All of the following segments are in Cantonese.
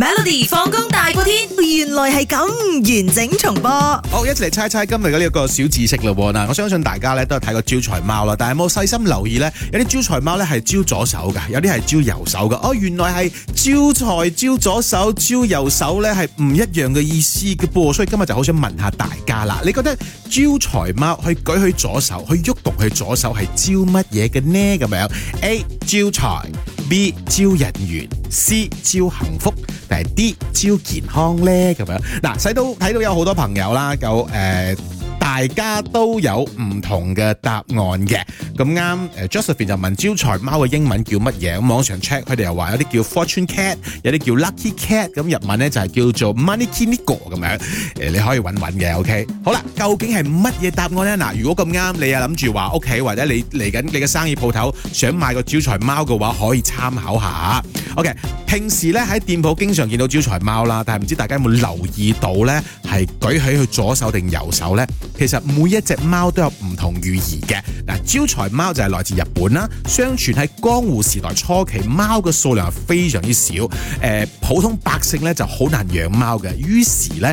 Melody 放工大過天，原來係咁完整重播。好，oh, 一次嚟猜猜今日嘅呢個小知識咯嗱，我相信大家咧都係睇過招財貓啦，但係冇細心留意呢。有啲招財貓咧係招左手嘅，有啲係招右手嘅。哦、oh，原來係招財招左手，招右手咧係唔一樣嘅意思嘅噃。所以今日就好想問下大家啦，你覺得招財貓去舉起左手，去喐動佢左手係招乜嘢嘅呢？咁樣？A 招財。B 招人緣，C 招幸福，誒 D 招健康呢？咁樣嗱，使到睇到有好多朋友啦，有誒。呃大家都有唔同嘅答案嘅，咁啱，誒 Josephine 就問招財貓嘅英文叫乜嘢？咁網上 check 佢哋又話有啲叫 Fortune Cat，有啲叫 Lucky Cat，咁日文咧，就係叫做 Maneki Neko 咁樣。誒你可以揾揾嘅，OK。好啦，究竟係乜嘢答案咧？嗱，如果咁啱你又諗住話屋企或者你嚟緊你嘅生意鋪頭，想買個招財貓嘅話，可以參考下。OK，平時咧喺店鋪經常見到招財貓啦，但係唔知大家有冇留意到呢係舉起佢左手定右手呢？其實每一隻貓都有唔同寓意嘅。嗱，招財貓就係來自日本啦。相傳喺江戶時代初期，貓嘅數量係非常之少，誒、呃、普通百姓呢就好難養貓嘅。於是呢。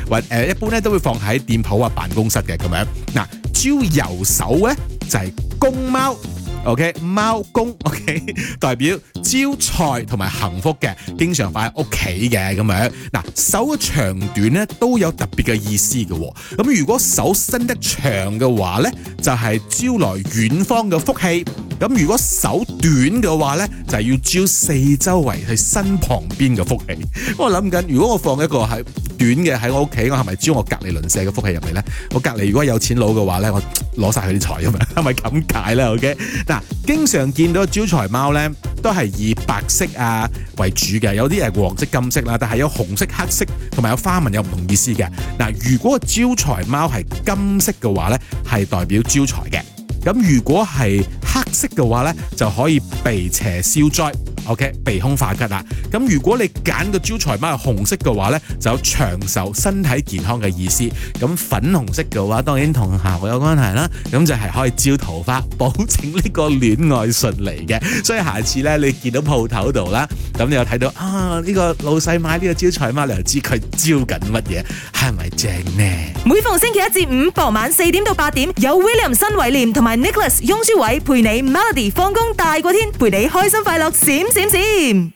或誒一般咧都會放喺店鋪啊辦公室嘅咁樣。嗱，招右手咧就係公貓，OK 貓公，OK 代表招財同埋幸福嘅，經常放喺屋企嘅咁樣。嗱，手嘅長短咧都有特別嘅意思嘅、哦。咁如果手伸得長嘅話咧，就係、是、招來遠方嘅福氣。咁如果手短嘅話呢，就係要招四周圍喺身旁邊嘅福氣。我諗緊，如果我放一個喺短嘅喺我屋企，我係咪招我隔籬鄰舍嘅福氣入嚟呢？我隔籬如果有錢佬嘅話呢，我攞晒佢啲財啊嘛，係咪咁解咧？OK，嗱，經常見到招財貓呢，都係以白色啊為主嘅，有啲係黃色、金色啦，但係有紅色、黑色，同埋有花紋，有唔同意思嘅。嗱，如果招財貓係金色嘅話呢，係代表招財嘅。咁如果係黑色嘅話呢，就可以避邪消災，OK，避凶化吉啦。咁如果你揀個招財貓係紅色嘅話呢，就有長壽、身體健康嘅意思。咁粉紅色嘅話，當然同姣有關係啦。咁就係可以招桃花，保證呢個戀愛順利嘅。所以下次呢，你見到鋪頭度啦。咁你又睇到啊？呢個老細買呢個招財貓，你知佢招緊乜嘢？係咪正呢？每逢星期一至五傍晚四點到八點，有 William 新偉廉同埋 Nicholas 翁舒偉陪你 Melody 放工大過天，陪你開心快樂閃閃閃，閃閃閃。